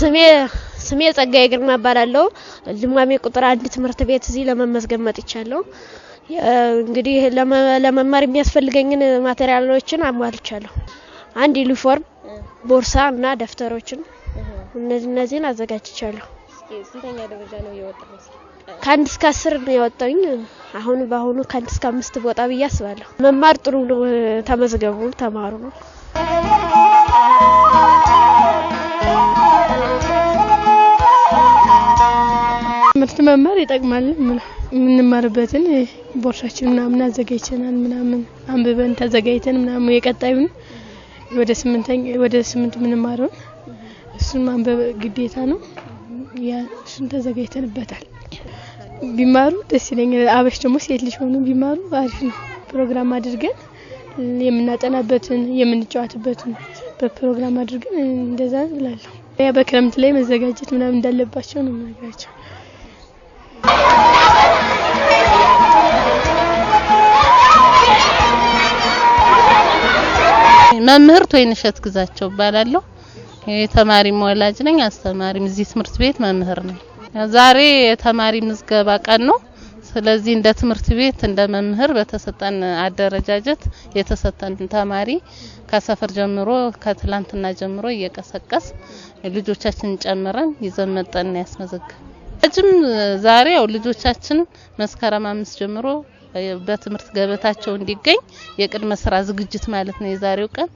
ስሜ ስሜ ጸጋዬ ግርማ እባላለሁ። ልማሜ ቁጥር አንድ ትምህርት ቤት እዚህ ለመመዝገብ መጥቻለሁ። እንግዲህ ለመማር የሚያስፈልገኝን ማቴሪያሎችን አሟልቻለሁ። አንድ ዩኒፎርም፣ ቦርሳ እና ደብተሮችን እነዚህ እነዚህን አዘጋጅቻለሁ። ስንተኛ ደረጃ ነው የወጣው? ከአንድ እስከ አስር ነው የወጣኝ። አሁን በአሁኑ ከአንድ እስከ አምስት ቦታ ብዬ አስባለሁ። መማር ጥሩ ነው። ተመዝገቡ፣ ተማሩ። ትምህርት መማር ይጠቅማል። የምንማርበትን ቦርሳችን ምናምን አዘጋጅተናል ምናምን አንብበን ተዘጋጅተን ምናምን የቀጣዩን ወደ ስምንተኛ ወደ ስምንት የምንማረውን እሱን ማንበብ ግዴታ ነው። ያ እሱን ተዘጋጅተንበታል። ቢማሩ ደስ ይለኛል። አበሽ ደግሞ ሴት ልጅ ሆኑ ቢማሩ አሪፍ ነው። ፕሮግራም አድርገን የምናጠናበትን የምንጫወትበትን በፕሮግራም አድርገን እንደዛ ብላለሁ። ያ በክረምት ላይ መዘጋጀት ምናምን እንዳለባቸው ነው የምነግራቸው። መምህርት ወይንሸት ግዛቸው እባላለሁ። የተማሪም ወላጅ ነኝ፣ አስተማሪም እዚህ ትምህርት ቤት መምህር ነኝ። ዛሬ የተማሪ ምዝገባ ቀን ነው። ስለዚህ እንደ ትምህርት ቤት እንደ መምህር በተሰጠን አደረጃጀት የተሰጠን ተማሪ ከሰፈር ጀምሮ ከትላንትና ጀምሮ እየቀሰቀስ ልጆቻችንን ጨምረን ይዘን መጠን ያስመዘግብ እጅም ዛሬ ያው ልጆቻችን መስከረም አምስት ጀምሮ በትምህርት ገበታቸው እንዲገኝ የቅድመ ስራ ዝግጅት ማለት ነው የዛሬው ቀን።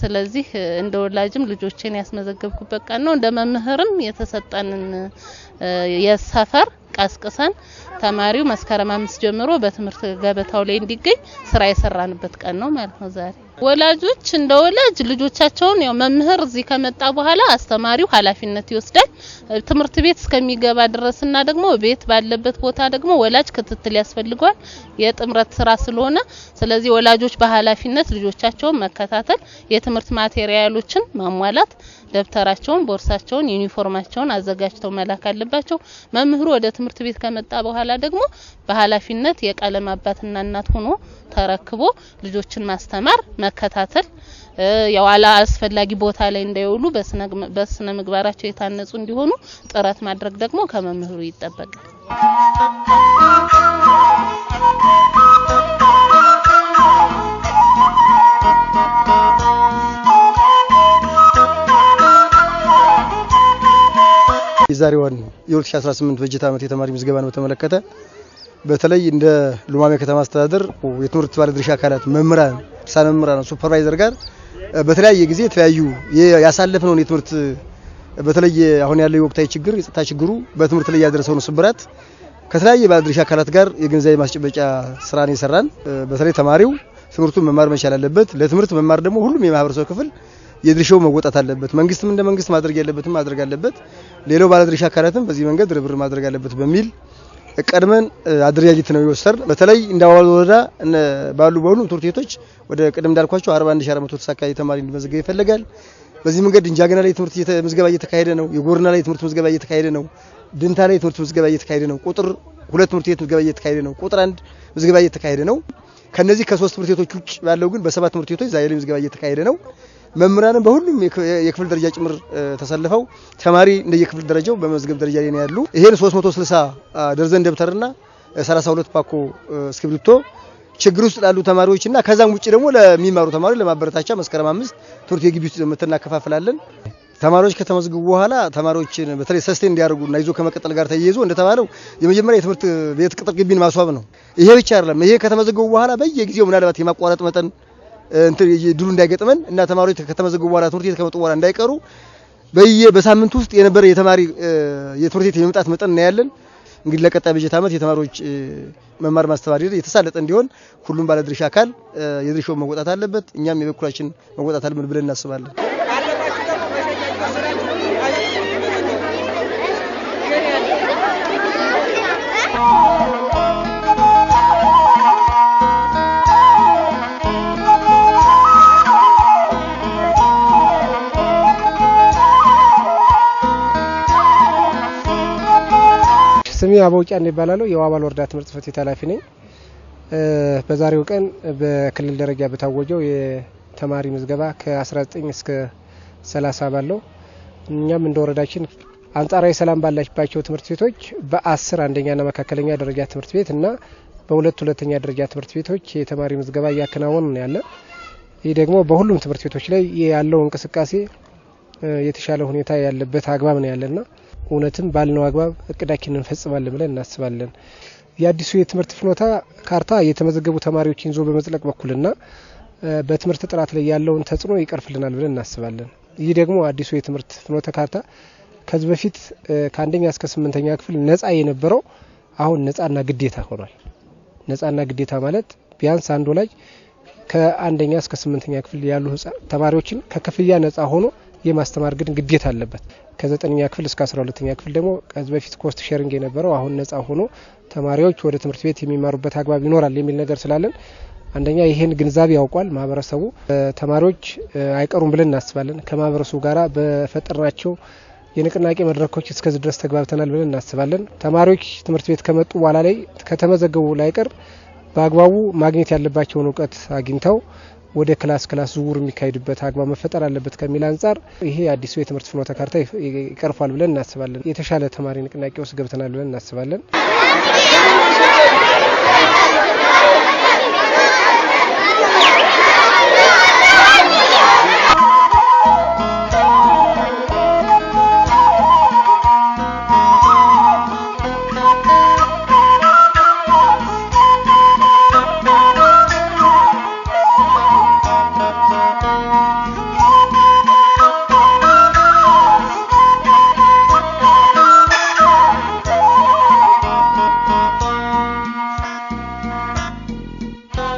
ስለዚህ እንደ ወላጅም ልጆቼን ያስመዘገብኩበት ቀን ነው። እንደ መምህርም የተሰጠንን የሰፈር ቀስቅሰን ተማሪው መስከረም አምስት ጀምሮ በትምህርት ገበታው ላይ እንዲገኝ ስራ የሰራንበት ቀን ነው ማለት ነው ዛሬ። ወላጆች እንደ ወላጅ ልጆቻቸውን ያው መምህር እዚህ ከመጣ በኋላ አስተማሪው ኃላፊነት ይወስዳል ትምህርት ቤት እስከሚገባ ድረስና ደግሞ ቤት ባለበት ቦታ ደግሞ ወላጅ ክትትል ያስፈልገዋል። የጥምረት ስራ ስለሆነ ስለዚህ ወላጆች በኃላፊነት ልጆቻቸውን መከታተል፣ የትምህርት ማቴሪያሎችን ማሟላት፣ ደብተራቸውን፣ ቦርሳቸውን፣ ዩኒፎርማቸውን አዘጋጅተው መላክ አለበት። አለባቸው። መምህሩ ወደ ትምህርት ቤት ከመጣ በኋላ ደግሞ በኃላፊነት የቀለም አባትና እናት ሆኖ ተረክቦ ልጆችን ማስተማር፣ መከታተል የዋላ አስፈላጊ ቦታ ላይ እንዳይውሉ በስነ ምግባራቸው የታነጹ እንዲሆኑ ጥረት ማድረግ ደግሞ ከመምህሩ ይጠበቃል። የዛሬዋን የ2018 በጀት ዓመት የተማሪ ምዝገባን በተመለከተ በተለይ እንደ ሉማሜ ከተማ አስተዳደር የትምህርት ባለድርሻ አካላት መምህራን፣ ርዕሳነ መምህራን፣ ሱፐርቫይዘር ጋር በተለያየ ጊዜ የተለያዩ ያሳለፍነውን የትምህርት በተለይ አሁን ያለው የወቅታዊ ችግር የጸጥታ ችግሩ በትምህርት ላይ ያደረሰውን ስብራት ከተለያየ ባለድርሻ አካላት ጋር የግንዛቤ ማስጨበጫ ስራን የሰራን በተለይ ተማሪው ትምህርቱን መማር መቻል አለበት። ለትምህርት መማር ደግሞ ሁሉም የማህበረሰብ ክፍል የድርሻው መወጣት አለበት። መንግስትም እንደ መንግስት ማድረግ ያለበትም ማድረግ አለበት። ሌላው ባለድርሻ አካላትም በዚህ መንገድ ርብር ማድረግ አለበት በሚል ቀድመን አደረጃጀት ነው የወሰድ። በተለይ እንደ አዋል ወረዳ ባሉ በሆኑ ትምህርት ቤቶች ወደ ቅድም እንዳልኳቸው 41400 ተሳካይ ተማሪ እንዲመዘገብ ይፈልጋል። በዚህ መንገድ እንጃገና ላይ ትምህርት ምዝገባ እየተካሄደ ነው። የጎርና ላይ ትምህርት ምዝገባ እየተካሄደ ነው። ድንታ ላይ ትምህርት ምዝገባ እየተካሄደ ነው። ቁጥር ሁለት ትምህርት ቤት ምዝገባ እየተካሄደ ነው። ቁጥር አንድ ምዝገባ እየተካሄደ ነው። ከነዚህ ከሶስት ትምህርት ቤቶች ውጭ ባለው ግን በሰባት ትምህርት ቤቶች ዛሬ ላይ ምዝገባ እየተካሄደ ነው። መምህራንም በሁሉም የክፍል ደረጃ ጭምር ተሰልፈው ተማሪ እንደየክፍል ደረጃው በመዝገብ ደረጃ ላይ ያሉ ይሄን 360 ደርዘን ደብተርና 32 ፓኮ እስክሪብቶ ችግር ውስጥ ላሉ ተማሪዎችና ከዛም ውጭ ደግሞ ለሚማሩ ተማሪዎች ለማበረታቻ መስከረም አምስት ትምህርት የግቢ ውስጥ እናከፋፍላለን። ተማሪዎች ከተመዝገቡ በኋላ ተማሪዎችን በተለይ ሰስቴን እና ይዞ ከመቀጠል ጋር ተያይዞ እንደተባለው የመጀመሪያ የትምህርት ቤት ቅጥር ግቢን ማስዋብ ነው። ይሄ ብቻ አይደለም። ይሄ ከተመዘገቡ በኋላ በየጊዜው ምናልባት የማቋረጥ መጠን ድሉ እንዳይገጥመን እና ተማሪዎች ከተመዘገቡ በኋላ ትምህርት ቤት ከመጡ በኋላ እንዳይቀሩ በየ በሳምንት ውስጥ የነበረ የተማሪ የትምህርት ቤት የመምጣት መጠን እናያለን። እንግዲህ ለቀጣይ በጀት ዓመት የተማሪዎች መማር ማስተማር የተሳለጠ እንዲሆን ሁሉም ባለድርሻ አካል የድርሻውን መወጣት አለበት። እኛም የበኩላችን መወጣት አለብን ብለን እናስባለን። ስሜ አበውቂያን ይባላለሁ። የዋባል ወረዳ ትምህርት ጽሕፈት ቤት ኃላፊ ነኝ። በዛሬው ቀን በክልል ደረጃ በታወጀው የተማሪ ምዝገባ ከ19 እስከ 30 ባለው እኛም እንደ ወረዳችን አንጻራዊ ሰላም ባላችባቸው ትምህርት ቤቶች በ10 አንደኛና መካከለኛ ደረጃ ትምህርት ቤት እና በሁለት ሁለተኛ ደረጃ ትምህርት ቤቶች የተማሪ ምዝገባ እያከናወን ነው ያለ። ይህ ደግሞ በሁሉም ትምህርት ቤቶች ላይ ያለው እንቅስቃሴ የተሻለ ሁኔታ ያለበት አግባብ ነው ያለና እውነትም ባልነው አግባብ እቅዳችንን እንፈጽማለን ብለን እናስባለን። የአዲሱ የትምህርት ፍኖታ ካርታ የተመዘገቡ ተማሪዎችን ይዞ በመዝለቅ በኩልና በትምህርት ጥራት ላይ ያለውን ተጽዕኖ ይቀርፍልናል ብለን እናስባለን። ይህ ደግሞ አዲሱ የትምህርት ፍኖተ ካርታ ከዚህ በፊት ከአንደኛ እስከ ስምንተኛ ክፍል ነጻ የነበረው አሁን ነጻና ግዴታ ሆኗል። ነጻና ግዴታ ማለት ቢያንስ አንድ ወላጅ ከአንደኛ እስከ ስምንተኛ ክፍል ያሉ ተማሪዎችን ከክፍያ ነጻ ሆኖ የማስተማር ግን ግዴታ አለበት። ከዘጠነኛ ክፍል እስከ አስራ ሁለተኛ ክፍል ደግሞ ከዚህ በፊት ኮስት ሼሪንግ የነበረው አሁን ነጻ ሆኖ ተማሪዎች ወደ ትምህርት ቤት የሚማሩበት አግባብ ይኖራል የሚል ነገር ስላለን አንደኛ ይሄን ግንዛቤ ያውቋል ማህበረሰቡ። ተማሪዎች አይቀሩም ብለን እናስባለን። ከማህበረሰቡ ጋራ በፈጠርናቸው የንቅናቄ መድረኮች እስከዚህ ድረስ ተግባብተናል ብለን እናስባለን። ተማሪዎች ትምህርት ቤት ከመጡ በኋላ ላይ ከተመዘገቡ ላይቀር በአግባቡ ማግኘት ያለባቸውን እውቀት አግኝተው ወደ ክላስ ክላስ ዝውውር የሚካሄድበት አግባብ መፈጠር አለበት ከሚል አንጻር ይሄ አዲሱ የትምህርት ፍኖተ ካርታ ይቀርፏል ብለን እናስባለን። የተሻለ ተማሪ ንቅናቄ ውስጥ ገብተናል ብለን እናስባለን።